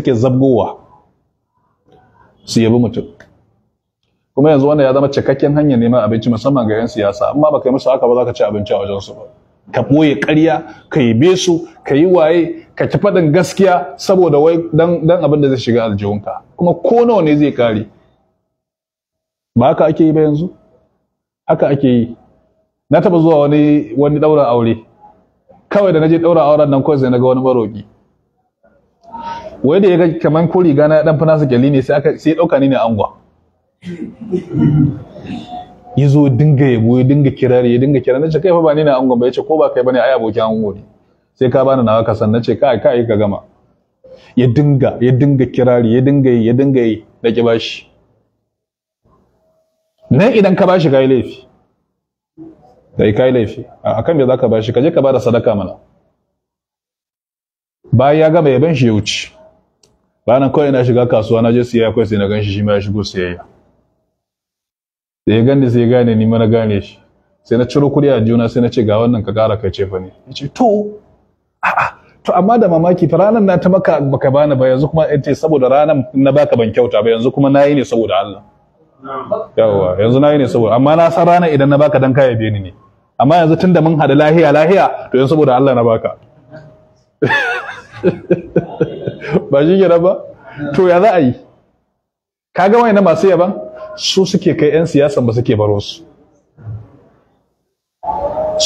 take zabgowa su yabi mutum kuma yanzu wanda ya zama cikakken hanyar neman abinci musamman ga 'yan siyasa amma baka yi musu haka ba za ka ci abinci a su ba ka boye ƙarya ka yi besu ka yi waye ka ki faɗin gaskiya saboda wai dan abin da zai shiga aljihunka kuma ko nawa ne zai kare ba haka ake yi ba yanzu haka ake yi na taɓa zuwa wani wani ɗaura aure kawai da naje ɗaura auren nan kawai sai na ga wani maroƙi wai da ya ga kamar ko riga na ɗan fina su kyalli ne sai aka sai dauka ni ne angwa ya zo dinga yabo ya dinga kirari ya dinga kirari nace kai fa ba ni ne angon ba ya ce ko ba kai bane ai abokin ango ne sai ka bani nawa ka san nace kai kai ka gama ya dinga ya dinga kirari ya dinga yi ya dinga yi da ki bashi nan idan ka bashi kai laifi dai kai laifi akan me zaka bashi ka je ka bada sadaka mana bayan ya gama ban shi ya wuce bayan kawai na shiga kasuwa na je siyayya kawai sai na ganshi shi ma ya shigo siyayya da ya gane sai ya gane ni mana gane shi sai na ciro kuɗi a juna sai na ce ga wannan ka ƙara kai cefa ne ya ce to a'a to amma da mamaki fa ranar na ta maka baka bani ba yanzu kuma ce saboda ranar na baka ban kyauta ba yanzu kuma nayi ne saboda Allah yawa yanzu nayi ne saboda amma na san ranar idan na baka dan kaya biye ni ne amma yanzu tunda mun hada lahiya lahiya to yanzu saboda Allah na baka ba shi kenan ba to ya za a yi kaga wani na masu yaban su suke kai 'yan siyasan ba suke baro su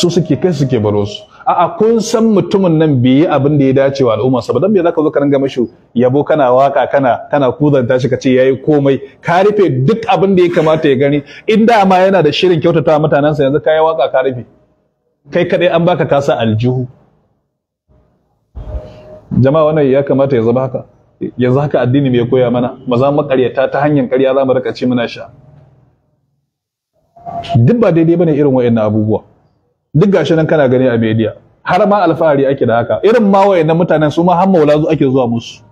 su suke kai suke baro su a'a kun san mutumin nan bai yi abin da ya dace wa al'umma sa ba dan me zaka zo ka ranga mashi yabo kana waka kana kana kuzanta shi ya yayi komai ka rufe duk abin da ya kamata ya gani in da ma yana da shirin kyautata mutanansa yanzu kai waka ka rufe kai kadai an baka kasa aljihu jama'a wannan ya kamata ya zama haka yanzu haka addini mai koya mana maza makaryata ta hanyar karya za mu rika ci muna sha duk ba daidai bane irin wa'annan abubuwa duk gashi nan kana gani a media har ma alfahari ake da haka irin ma wa'annan mutanen su ma har maula zu ake zuwa musu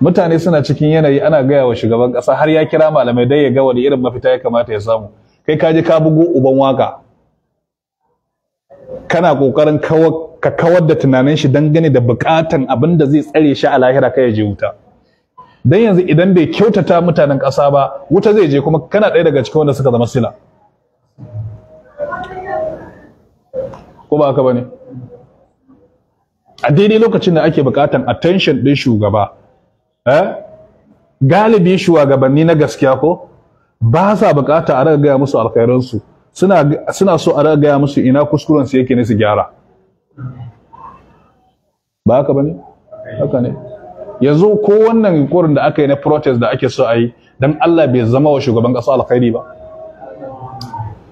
mutane suna cikin yanayi ana gaya wa shugaban kasa har ya kira malamai dai ya ga wani irin mafita ya kamata ya samu kai ka ka bugo uban waka kana kokarin ka kawar da tunanin shi dangane da bukatan abin da zai tsare shi a lahira kai ya je wuta dan yanzu idan bai kyautata mutanen ƙasa ba wuta zai je kuma kana ɗaya daga cikin wanda suka zama sila ko ba haka bane a daidai lokacin da ake bukatan attention din shugaba eh, galibi shugabanni na gaskiya ko ba sa bukata a raga musu su suna so a ragaya musu ina kuskuren su yake ne su gyara ba haka bane haka ne yanzu ko wannan kurin da aka yi na protest da ake so a yi dan Allah bai zama wa shugaban ƙasa alkhairi ba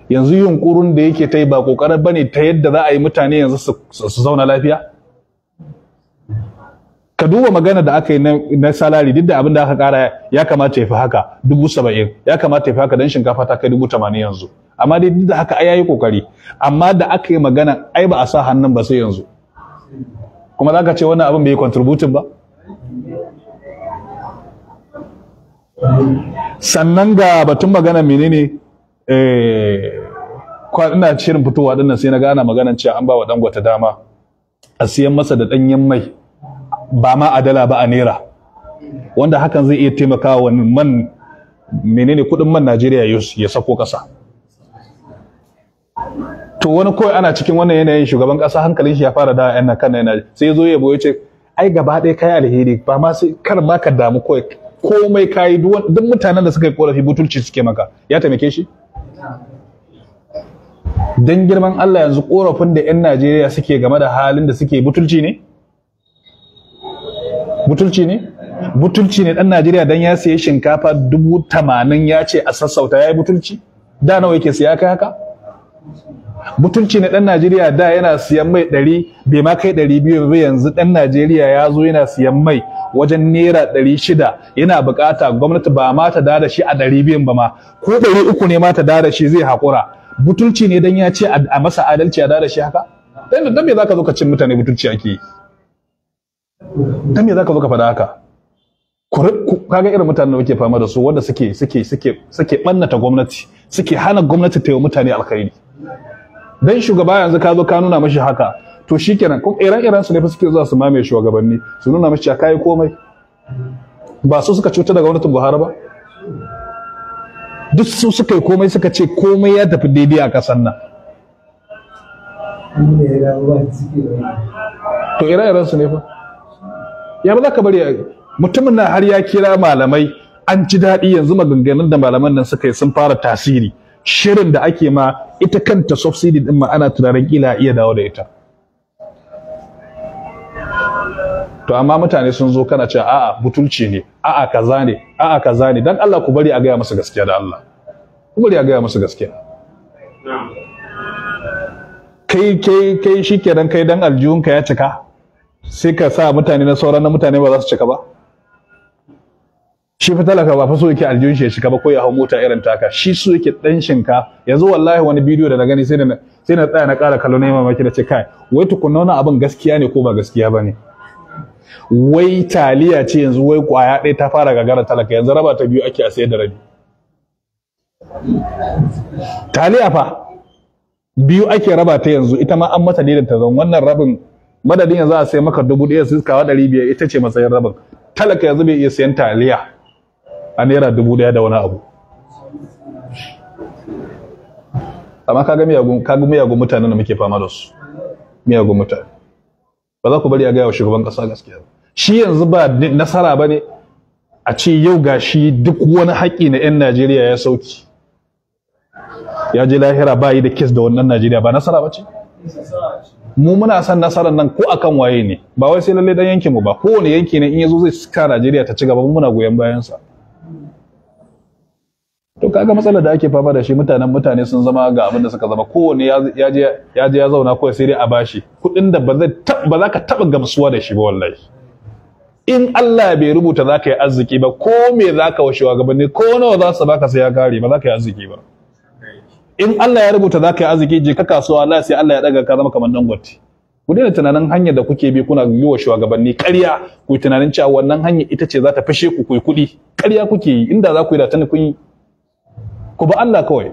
yanzu yunkurin da yake ta yi ba kokarin bane ta yadda za a yi mutane yanzu su zauna lafiya ka duba magana da aka yi na salari duk da abin da aka kara ya kamata ya fi haka dubu saba'in ya kamata ya fi haka don shinkafa ta kai dubu tamanin yanzu amma dai duk da haka ai yayi kokari amma da aka yi magana ai ba a sa hannun ba sai yanzu kuma za ka ce wannan abin bai contributing ba sannan ga batun magana menene eh, ina shirin fitowa dinnan sai na gana maganan cewa an ba wa dangwata dama a siyan masa da ɗanyen mai ba ma a dala ba a naira wanda hakan zai iya taimakawa man menene kudin man Najeriya ya sako kasa to wani kawai ana cikin wannan yanayin shugaban kasa hankalin shi ya fara da yan kan yana sai ya zo ya boye ce ai gaba ɗaya kai alheri ba ma sai kar ma ka damu kawai komai kayi duk mutanen da suka yi korafi butulci suke maka ya taimake shi dan girman Allah yanzu korafin da yan Najeriya suke game da halin da suke butulci ne butulci ne butulci ne dan Najeriya dan ya siya shinkafa dubu tamanin ya ce a sassauta ya yi butulci da nawa yake siya kai haka butulci ne dan Najeriya da yana siyan mai ɗari bai ma kai ɗari biyu ba yanzu dan Najeriya ya zo yana siyan mai wajen naira ɗari shida yana buƙata gwamnati ba ma ta dada shi a ɗari biyun ba ma ko ɗari uku ne ma ta dada shi zai haƙura butulci ne dan ya ce a masa adalci a dada shi haka dan me za ka zo ka cin mutane butulci ake yi dan me zaka zo ka faɗa haka kaga irin mutanen da muke fama da su wanda suke suke suke suke bannata gwamnati suke hana gwamnati ta yi mutane alkhairi dan shugaba yanzu ka zo ka nuna mashi haka to shikenan ko iran iran su ne fa suke zuwa su mamaye shugabanni su nuna mashi a kai komai ba su suka cuta da gwamnatin Buhari ba duk su suka yi komai suka ce komai ya tafi daidai a kasan nan to ire-iren su ne fa ya ba za ka bari mutumin na har ya kira malamai an ci daɗi yanzu maganganun da malaman nan suka yi sun fara tasiri shirin da ake ma ita kanta subsidy din ma ana tunanin kila iya dawo da ita to amma mutane sun zo kana cewa a'a butulci ne a'a kaza ne a'a kaza ne dan Allah ku bari a gaya masa gaskiya da Allah ku bari a gaya masa gaskiya kai kai kai shikenan kai dan aljihunka ya cika sai ka sa mutane na sauran na mutane ba za su cika ba shi fa talaka ba fa so yake aljihun shi ya cika ba ko ya hau mota irin taka shi so yake dan shinka zo wallahi wani bidiyo da na gani sai na sai na tsaya na ƙara kallo na mamaki da ce kai wai tukunna wannan abin gaskiya ne ko ba gaskiya ba ne wai taliya ce yanzu wai kwaya ɗaya ta fara gagara talaka yanzu raba ta biyu ake a sayar da rabi taliya fa biyu ake raba ta yanzu ita ma an mata ne da ta zan wannan rabin madadin yanzu a sai maka dubu ɗaya su kawo ɗari biyar ita ce matsayin rabin talaka yanzu bai iya sayan taliya a naira dubu ɗaya da wani abu amma kaga miyagun kaga miyagun mutanen da muke fama da su miyagun mutane ba za ku bari a gaya wa shugaban ƙasa gaskiya ba shi yanzu ba nasara ba ne a ce yau ga shi duk wani haƙƙi na 'yan Najeriya ya sauki ya je lahira ba yi da kes da wannan Najeriya ba nasara ba ce? mu muna son nasarar nan ko akan waye ne ba wai sai lalle dan yankin mu ba kowane yanki ne in yazo zai cika Najeriya ta ci gaba mu muna goyon bayan sa to kaga matsalar da ake fama da shi mutanen mutane sun zama ga abin da suka zama kowane ya je ya ya zauna ko sai dai a bashi kuɗin da ba zai ba za ka taɓa gamsuwa da shi ba wallahi in Allah bai rubuta za ka yi arziki ba ko me za ka washewa gabanni ko nawa za su baka sai ya kare ba za ka yi arziki ba in Allah ya rubuta za ka yi arziki je ka kasuwa Allah sai Allah ya daga ka zama kamar dangote ku daina tunanin hanyar da kuke bi kuna yi wa shugabanni ƙarya ku tunanin cewa wannan hanyar ita ce za ta fashe ku ku yi kuɗi ƙarya kuke yi inda za ku yi da tani kun yi ku ba Allah kawai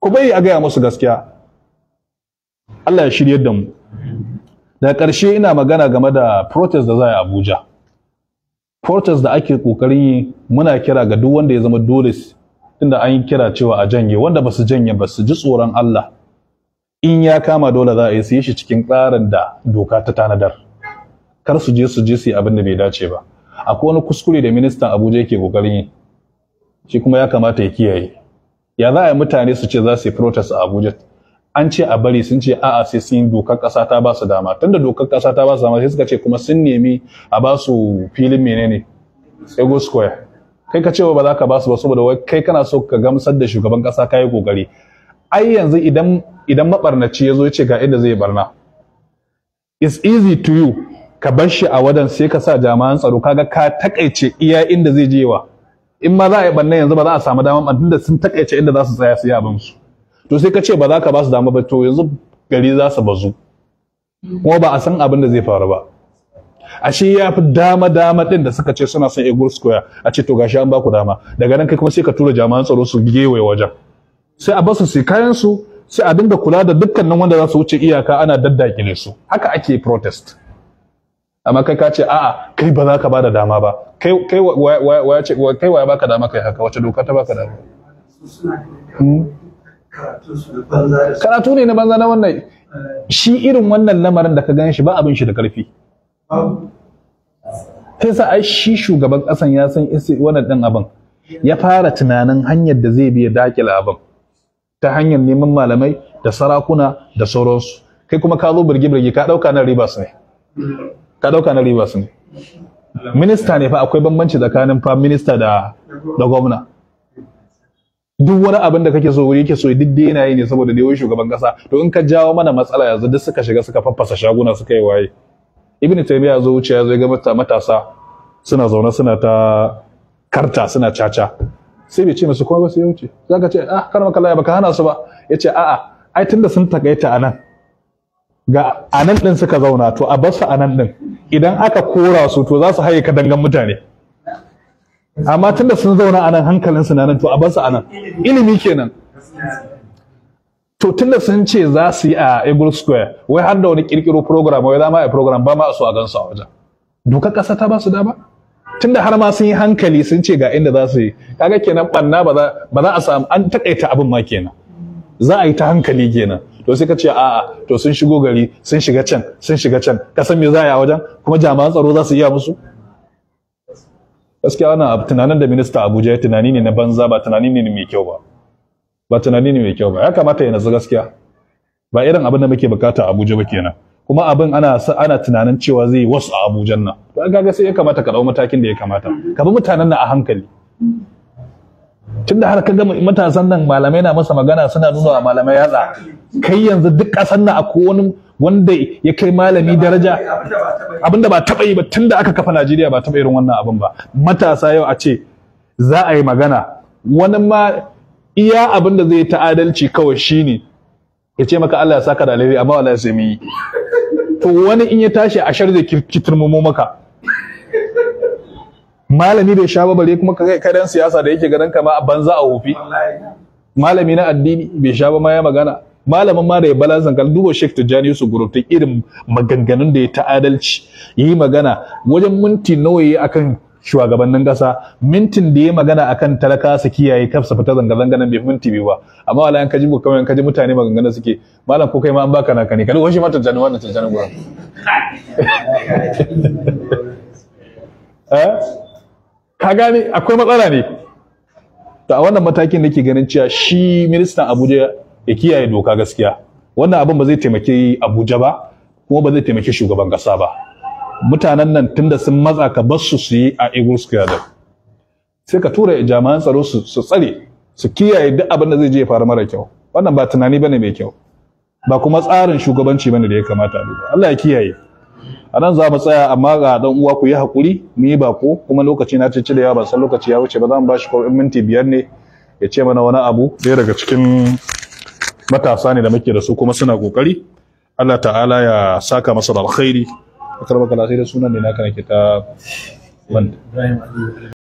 ku bai a gaya musu gaskiya Allah ya shiryar da mu da ƙarshe ina magana game da protest da za a Abuja protest da ake ƙoƙarin yi muna kira ga duk wanda ya zama dole inda an yi kira cewa a janye wanda ba su janye ba su ji tsoron Allah in ya kama dole za a yi su yi shi cikin tsarin da doka ta tanadar kar su je su je su yi abin da bai dace ba akwai wani kuskure da ministan Abuja yake kokarin yi shi kuma ya kamata ya kiyaye ya za a yi mutane su ce za su yi protest a Abuja an ce a bari sun ce a'a sai sun dokar ƙasa ta ba su dama tunda dokar ƙasa ta ba su dama sai suka ce kuma sun nemi a ba su filin menene ego square kai ka cewa ba za ka ba su ba saboda wai kai kana so ka gamsar da shugaban kasa kai kokari ai yanzu idan idan mabarnaci ya ya ce ga inda zai barna it's easy to you ka bar shi a wadan sai ka sa jami'an tsaro kaga ka takaice iya inda zai je wa. in ma za a yi barna yanzu ba za a samu damar ba da sun takaice inda za su tsaya su yi abin su to sai ka ce ba za ka ba su dama ba to yanzu gari za su bazu kuma ba a san abin da zai faru ba ashe ya fi dama dama din da suka ce suna son eagle square a ce to gashi an baku dama daga nan kai kuma sai ka tura jami'an tsaro su gewaye wajen sai a basu su kayan su sai a dinga kula da dukkanin wanda za su wuce iyaka ana daddakile su haka ake protest amma kai ka ce a'a kai ba za ka ba da dama ba kai kai waya ce kai waya baka dama kai haka wace doka ta baka dama hmm? karatu ne na banza na wannan shi irin wannan lamarin da ka gan shi ba abin shi da karfi sai sa ai shi shugaban kasan ya san wannan din abin ya fara tunanin hanyar da zai biya dakila abin ta hanyar neman malamai da sarakuna da sauransu kai kuma ka zo birgi-birgi ka dauka na ribas ne ka dauka na ribas ne minista ne fa akwai bambanci tsakanin fa minista da da gwamna duk wani abin da kake so wuri yake so duk dai yana yi ne saboda dai wai shugaban kasa to in ka jawo mana matsala yanzu duk suka shiga suka fafasa shaguna suka yi waye ibn taymiya zo wuce ya zo ga matasa suna zaune suna ta karta suna caca sai bai ce musu kuma ba sai ya wuce zaka ce ah kar maka laya baka hana su ba yace a'a ai tunda sun takaita anan ga anan din suka zauna to a bar su anan din idan aka kora su to za su haye ka dangan mutane amma tunda sun zauna anan hankalinsu na nan to a bar su anan ilimi kenan to tunda sun ce za su yi a Eagle Square wai har da wani kirkiro program wai zama a program ba ma su a gansu a wajen duka kasa ta ba su dama tunda har ma sun yi hankali sun ce ga inda za su yi kaga kenan banna ba za ba za a samu an takaita abin ma kenan za a yi ta hankali kenan to sai ka ce a'a to sun shigo gari sun shiga can sun shiga can ka san me za a yi a wajen kuma jami'an tsaro za su iya musu gaskiya wannan tunanin da minista Abuja ya tunani ne na banza ba tunani ne mai kyau ba ba tunani ne mai kyau ba ya kamata ya nazu gaskiya ba irin abin da muke bukata a Abuja ba kenan kuma abin ana ana tunanin cewa zai wasu a Abuja nan to kaga sai ya kamata ka dau matakin da ya kamata ka bi mutanen nan a hankali tunda har ka ga matasan nan malamai na masa magana suna nuna wa malamai yatsa kai yanzu duk kasan nan akwai wani wanda ya kai malami daraja abinda ba taba yi ba tunda aka kafa Najeriya ba taba irin wannan abin ba matasa yau a ce za a yi magana wani ma iya abin da zai ta adalci kawai shine ya ce maka Allah ya saka da alheri amma wala sami yi to wani in ya tashi a shar zai kitirmumo maka malami bai sha babare kuma kai kadan siyasa da yake ganin kama a banza a hufi malami na addini bai sha ba ma ya magana malamin ma da ya balansan kal duba Sheikh Tijjani su Group ta irin maganganun da ya ta'adalci yi magana wajen minti nawa yayi akan shugabannin kasa mintin da ya magana akan talaka su kiyaye kafsa su fita zanga zanga nan bai minti biyu ba amma wala ka ji kawai ka ji mutane maganganu suke malam ko kai ma an baka naka ne kada washi mata jani wannan jani gura eh ka gane akwai matsala ne to a wannan matakin nake ganin cewa shi ministan Abuja ya kiyaye doka gaskiya wannan abin ba zai taimaki Abuja ba kuma ba zai taimaki shugaban kasa ba mutanen nan tunda sun matsa ka bar su su yi a Eagle Square sai ka tura jami'an tsaro su tsare su kiyaye duk abin da zai je ya faru mara kyau wannan ba tunani bane mai kyau ba kuma tsarin shugabanci bane da ya kamata a duba Allah ya kiyaye a nan za mu tsaya amma ga dan uwa ku yi hakuri mu yi bako kuma lokaci na ci cilewa ba san lokaci ya wuce ba za mu bashi ko minti biyar ne ya ce mana wani abu ɗaya daga cikin matasa ne da muke da su kuma suna kokari Allah ta'ala ya saka masa da alkhairi akar makala sai da sunan ne naka nake ta manta